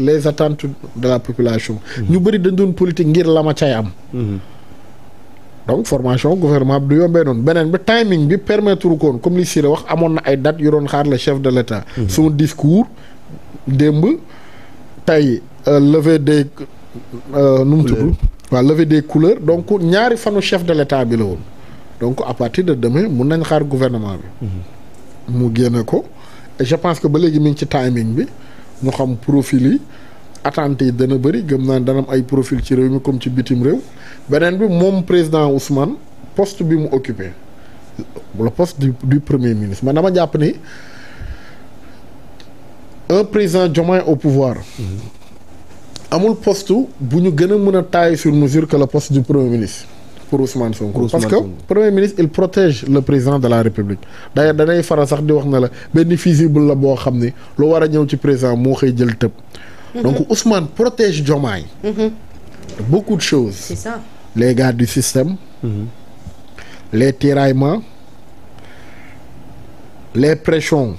les attentes de la population. ñu bëri dañ doon politique ngir la ma cay am. donc formation gouvernement bi du yombee noonu beneen bi timing bi permettre ko comme li Siré wax amoon na ay dates yu doon xaar le chef de l' suma mhm. son discours démb tey euh, levée de euh, nu mu tudd waaw levée des couleurs donc ñaari fanu chef de l' état bi la woon donc à partir de demain mun nañ xaar gouvernement bi. Mhm. mu génne ko je pense que ba léegi mi ngi ci timing bi. ñu xam profil yi attente yi dana bëri gëm naa dana ay profil ci réew mi comme ci bitim réew beneen bi moom président Ousmane post bi mu occupé le poste du, du premier ministre man dama jàpp ni un président Diomaye au pouvoir mm-hmm. amul poste bu ñu gën a mën a taille sur mesure que le poste du premier ministre pour Ousmane Sonko parce que premier ministre il protège le président de la république d'ailleurs danay faral sax di wax na la benn fusible la boo xam ne lu war a ñëw ci président moo xëy jël tëb mhm. donc Ousmane protège Diomaye mhm. beaucoup de choses les gars du système mhm. les tiraillements les pressions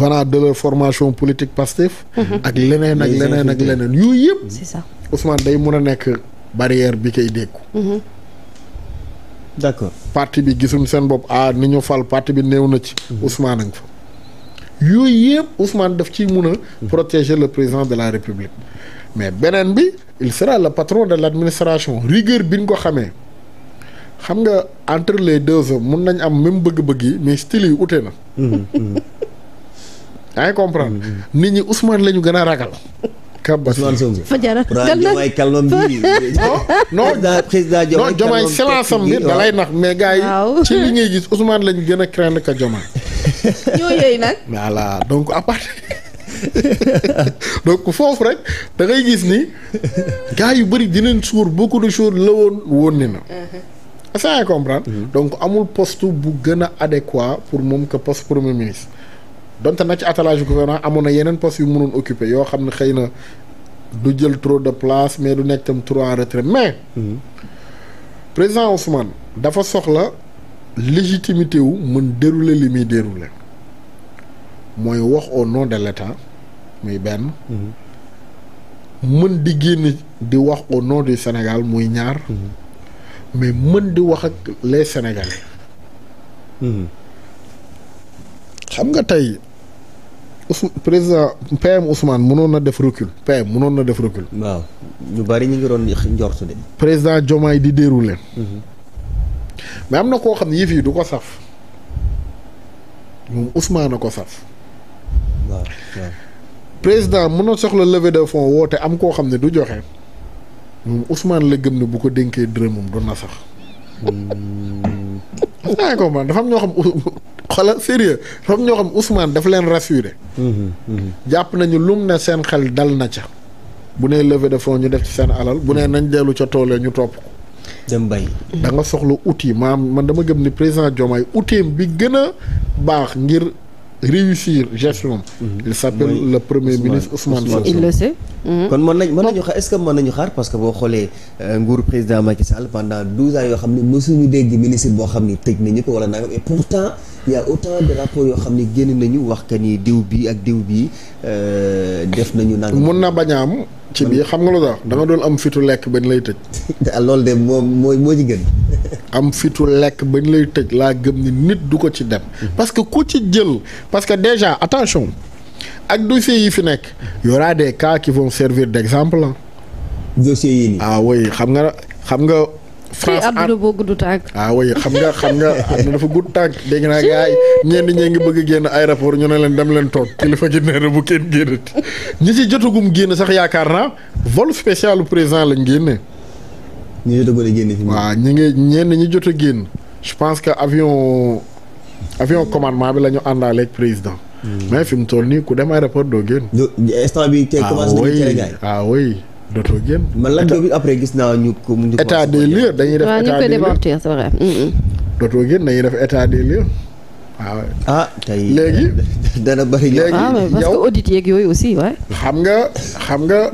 venant de leur formation politique Pastef ak leneen ak leneen ak yëpp c'est day mun a nekk barrière bi koy dékku mhm. d'accord parti bi gisuñ seen bopp ah ni ñu fal parti bi néew na ci mhm. Ousmane a ngi fa yooyu yëpp Ousmane def ciy mun a mhm. protéger le président de la République mais beneen bi il sera le patron de l'administration rigueur bi ñu ko xamee xam nga entre les deux hommes mun nañ am même bëgg-bëgg yi mais style yi ute na yaa ngi nit ñi Ousmane la ñu gën a ragal Kabba Ousmane Sonko. Fajara dal na Jomaay kalmam bi. non non am bi dalay nax mais gars yi. ci li ngay gis Ousmane lañ gën a craindre que Jomaay. ñoo yooyu nag. donc à part donc foofu rek da ngay gis ni gars yu bëri dinañ suur beaucoup de choses la woon woon ni na. Uh-huh. est-ce que mm-hmm. donc amul post bu gën a adéquat pour moom que post premier ministre. donte na ci attelage gouvernement amoon na yeneen postes yu mënoon occupé yoo xam ne xëy na du jël trop de place mais du nekk tam trop en mais. Mhm. président Ousmane dafa soxla légitimité wu mën dérouler li muy dérouler mooy wax au nom de l'État muy benn. Mhm. mën di génn di wax o nom du Sénégal muy ñaar. Mhm. mais mën di wax ak les Sénégalais. xam nga tey. Ousmane président PM Ousmane mënoon na def recul PM mënoon na def recul. ñu bari ñu ngi doon njort de. président Diomaye di déroulé. Mhm. mais am na koo xam ne yëf yi du ko saf. moom Ousmane a ko saf. waaw mën na soxla levée woote am koo xam ne du joxe. moom la gëm ne bu ko dénkee dërëmam du na sax. Hmm. yaa ngi comprendre dafa am ñoo xam. xoolal sérieux foofu ñoo xam Ousmane dafa leen rassuré. Mm-hmm, mm-hmm. jàpp nañu lum ne seen xel dal na ca. bu ne levée de ñu def ci seen alal bu nee nañ dellu ca tool ñu topp ko. dem bay da nga soxla outil maam man dama gëm ni président Diomaye outil bi gën a baax ngir. réussir gestion. Mm-hmm. il s'appelle oui. le premier ministre Ousmane Sonko. il mm-hmm. kon mën nañ mën nañu xaar est-ce que mën nañu xaar parce que boo xoolee euh, nguuru président Macky Sall pendant douze ans yoo xam ne mësuñu dégg ministre boo xam ni tëj nañu ko wala nangam et pourtant il y a rapport de yoo xam ne génn nañu wax que ni diw bi ak diw bi euh, def nañu. nangam mun na bañ a am. ci biir xam nga lu tax da doon am fitu lekk bañ lay tëj. Ah, lool de moom mooy moo ci gën. am fitu lekk bañ lay tëj laa gëm ni nit du ko ci dem. Mm-hmm. parce que ku ci jël parce que déjà attention ak dossier yi fi nekk y aura des cas qui vont servir d'exemple. dossier yi nii. ah oui xam nga xam nga. France ànd Abdou boo gudd tànk. ah oui xam nga xam nga Abdou dafa gudd tànk dégg naa gars yi ñenn ñee ngi bëgg a génn aéroport ñu ne leen dem leen toog kilifa gi nee na bu kenn génnati ñi ci jotagum génn sax yaakaar naa vol spécial président lañ génne. ñi jotagul a génn fi mu. ngi ñenn ñi jot a génn. je pense que avion avion commandement bi la ñu àndaaleeg président. Hmm. mais fi mu toll nii ku dem aéroport doo génn. instant bi dootoo génn. man Lat Diop après gis naa ñu ko. ñu ko état des dañuy def état des lieux c'est vrai. dootoo génn dañuy def état des lieux. waaw ah tey léegi dana bëri léegi ah, parce que audit yooyu aussi waay. xam nga xam nga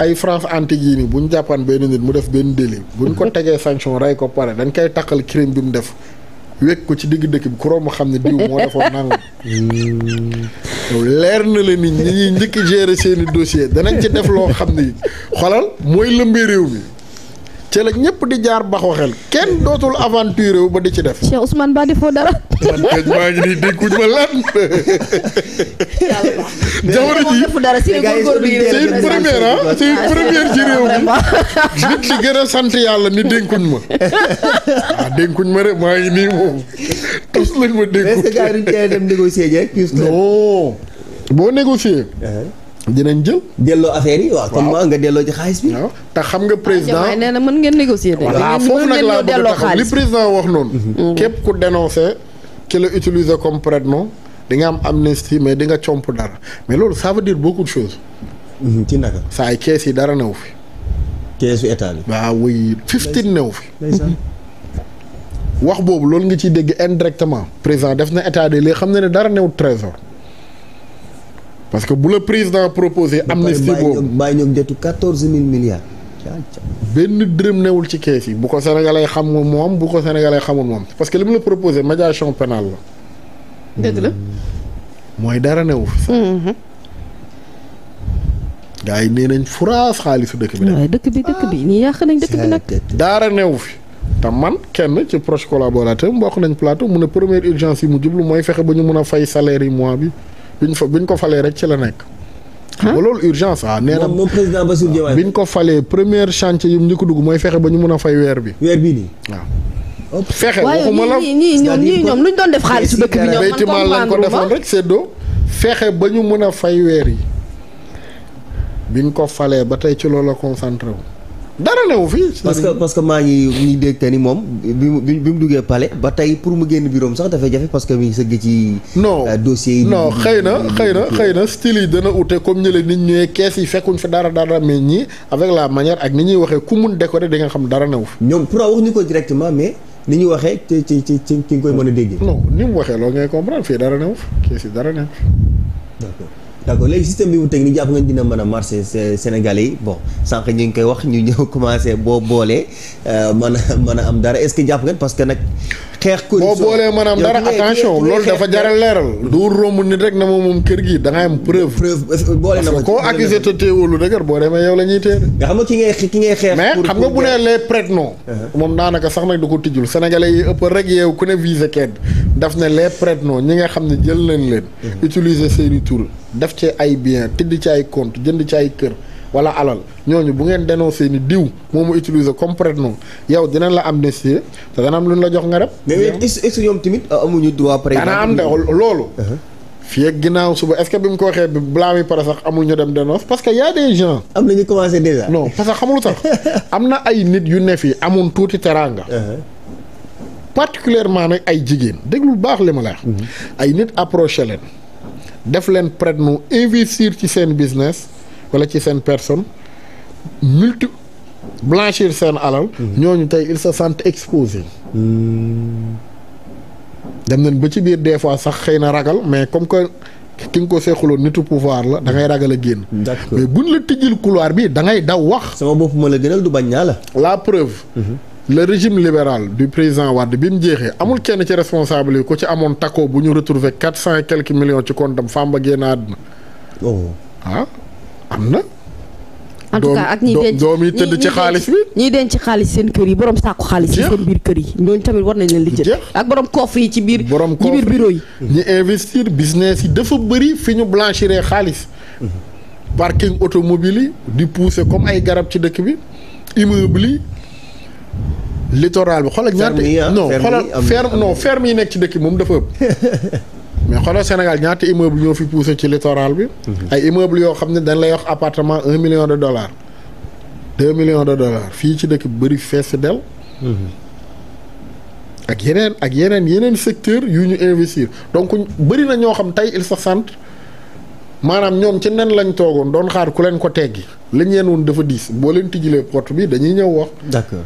ay France antique yi nii bu ñu jàppoon benn nit mu def benn délit bu ñu ko mm-hmm. tegee sanction rey ko pare dañ koy takkal crime bi mu def wékk ko ci digg dëkk bi ku xam ne diw moo defoon nangam. Hmm. yow leer na la ni ñi ñuy njëkk gérer seeni dossier danañ ci def loo xam ni xolal mooy lëmbee réew mi ci la ñëpp di jaar baxu xel kenn dootul aventure ba di ci def. Cheikh Ousmane Ba defoo dara. man kay maa ngi nii dégguñ ma lan. jamono ji c'est une première ah c'est première ci réew mi nit li gën a sant yàlla ni dénkuñ ma ah dénkuñ ma rek maa ngi nii moom tous lañ ma dénku. est-ce que gars yi duñ teel a dem négocier jeeg. non boo négocier. Uh-huh. dinañ jël. delloo affaire yi waaw comme nga delloo ci xaalis bi. waaw te xam nga ah, président ah nee na mën ngeen négocier de. voilà foofu nag laa bëgg a taxaw li président wax noonu. képp ku dénoncé. ki la utiliser comme prétexte di nga am amnistie mais di nga comp dara mais loolu ça veut dire beaucoup de mhm, ci naka. saa yi kees yi dara new fi. keesu état bi. waaw wuy fifteen newu fi. wax boobu loolu nga ciy dégg indirectement. président def na état li xam na ne dara newut trésor parce que bu la président proposé amnistie boobu bàyyi ñoom jotu quatorze mille milliards benn dërëm newul ci kees yi bu ko sénégalais xam moom bu ko sénégalais xamul moom parce que li mu la proposé médiation pénale la hmm. mooy dara newu fi mm-hmm. gars yi nee nañ furaas xaalisu dëkk bi nag dëkk bi dëkk bi ñi yàq nañ dëkk bi ah, nag dara newu fi te man kenn ci proche collaborateur mbokk nañ plateau mu a première urgence yi mu jublu mooy fexe ba ñu mun a fay salaire yi mois bi biñ fa biñ ko falee rek ci la nekk. xam nga loolu urgence ah. nee na moom président Bassirou Diomaye biñ ko falee première chantier yi ñu ko dugg mooy fexe ba ñu mën a fay weer bi. weer bii nii waaw. fexe waxuma la waaye ñii ñoom ñii ñoom doon def xaalisu dëkk bi ñoom man comprendre lañ ko defoon rek séddoo. fexe ba ñu mën a fay weer yi biñ ko falee ba tey ci loolu la concentré wu. dara newu fi. parce que parce que maa ngi ñuy dégg ni moom bi mu bi mu duggee palais ba tey pour mu génn bureau sax dafay jafe parce que mi ngi sëgg ci. no euh, dossier yi. xëy na xëy na xëy na style dana ute comme nit ñëwee kees yi fekkuñ fi dara dara mais la manière ak ni ñuy waxee ku mun décorer di xam dara newu fi. ñoom ko directement mais. ni ñu waxee ci ci ci ci nga koy mën a déggee. no ni mu waxee loolu ngay comprendre fii dara newu fi kees yi dara newu fi. d' léegi système bi mu teg ni jàpp nga dina mën a marché Sénégalais yi bon san ñu ngi koy wax ñu ñëw commencé boo boolee euh, man a mën a am dara est ce que parce que nag. xeex corruption boo boolee mën a am dara attention loolu dafa jar a leeral. du romb nit rek na moom moom kër gi da ngay am preuve. preuve boolee na ko koo accusé te teewul lu dëgër boo demee yow la ñuy nga xam nga ki ngay ki xeex. mais xam nga bu nee les prête non. Uh-huh. moom daanaka sax nag du ko tijjul sénégalais yi ëpp rek yeew ku ne visé def ne les prête-noms ñi nga xam ne jël leen leen. Mhm. utiliser seeni tur def ci ay bien tëdd ci ay compte jënd ci ay kër. wala alal ñu bu ngeen dénoncé seeni diw moom utiliser comme prête-nom yow dinañ la amnistie te dana am lu ñu la jox nga rep. mais est euh, amuñu droit. par exemple dana am de loolu. Uh-huh. fii ginnaaw suba est-ce que bi mu ko waxee bi balaa muy pare sax amul ñu dem dénonce parce que y a am na ñu commencé déjà. non parce que xamul tax am na ay nit yu ne fii amoon tuuti teraanga. Uh-huh. particulièrement nag ay jigéen déglu baax li ma la wax mhm. ay nit approché leen def leen prête nu investir ci seen business wala ci seen personne multi blanchir seen alal mhm. ñooñu tey ils sa sant exposés hmm. dem neen ba ci biir des fois sax xëy na ragal mais comme que ki nga ko seexuloon nitu pouvoir la da ngay ragal a génn mais buñ la tijjil couloir bi da ngay daw wax sama bopp ma la gënal du bañ naa la la preuve mhm. le régime libéral du président Wade bi mu jeexee amul kenn ci responsable yi ku ci amoon takko bu ñu retrouver quatre cent et quelques millions ci compte am Famba génn àdduna. Oh. ah am na. en tout cas ak ñiy denc doom yi tëdd ci xaalis bi ñiy ci xaalis seen kër yi borom sàkku xaalis yi seen biir kër yi ñooñu tamit war nañ leen li jël ak borom coffre yi ci biir borom ci biir bureau yi ñu investir business yi dafa bëri fi ñu blanchiree xaalis mm-hmm. parking automobile yi di pousser comme ay garab ci dëkk bi immeuble yi littoral bi xoolal ñaata ah, non xoolal ferme non ferme yi nekk ci dëkk moom dafa ëpp mais xoolal Sénégal ñaata immeuble ñoo fi poussé ci littoral bi mhm. ay immeuble yoo xam ne dañ lay wax appartement un million de dollars de millions de dollars fii ci dëkk bëri fees del mhm. ak yeneen ak yeneen yeneen secteur yu ñu investir donc bëri na ñoo xam tey il se sant maanaam ñoom ci nen lañ toogoon doon xaar ku leen ko teggi lañ leen woon dafa diis boo leen tijjilee pot bi dañuy ñëw wax d'accord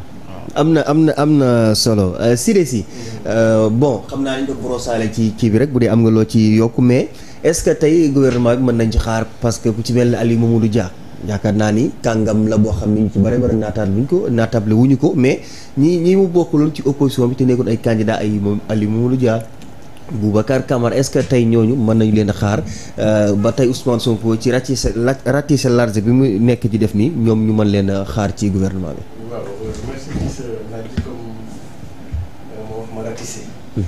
am na am na am na solo euh, Siré Sy euh, bon xam naa ni nga brossalé ci kii bi rek bu dee am nga loo ci yokk mais est-ce que tey gouvernement bi mën nañ xaar parce que ku ci mel ne Aliou Mamadou Dia yaakaar naa ni kàngam la boo xam ne ñu ci bare bare naataal buñ ko naatable wuñu ko mais ñi ñi mu bokkuloon ci opposition bi te nekkoon ay candidat ay moom Aliou Mamadou Dia Boubacar Camara est-ce que tey ñooñu mën nañu leen a xaar euh, ba tey Ousmane Sonko ci ratisse ratisse large bi mu nekk di def nii ñoom ñu mën leen a xaar ci gouvernement bi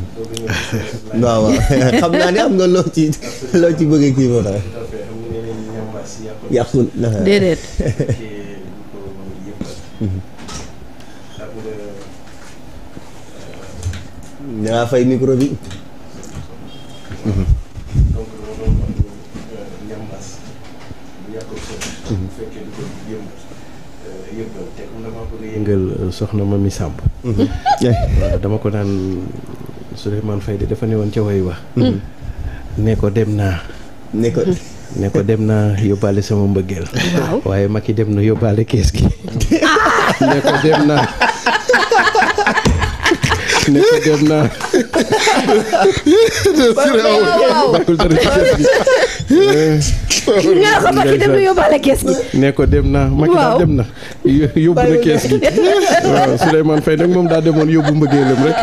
waaw waaw xam naa ni am nga loo ci loo ci bëgg kii boo xam yàqul déedéet dangaa fay micro yëngal euh, soxna Mamy Samb mhm. dama ko daan Souleymane Faye dafa ne woon ca way wax hmm. ne ko dem naa ne ko dem naa yóbbaale sama mbëggeel waaye Macky dem na yóbbaale kees gi ne ko dem na yóbbaale kees gi ne ko dem naa Macky daal dem na yóbbu kees gi waaw Souleymane Faye nag moom daa demoon yóbbu mbëggeelam rek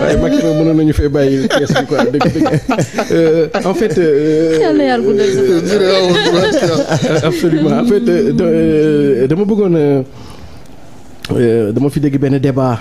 waaye Macky nag mënoon nañu fee bàyyi kees bi quoi dëgg dëgg euh, en fait. Euh, yàlla absolument en fait euh, dama bëggoon dama fi dégg benn débat.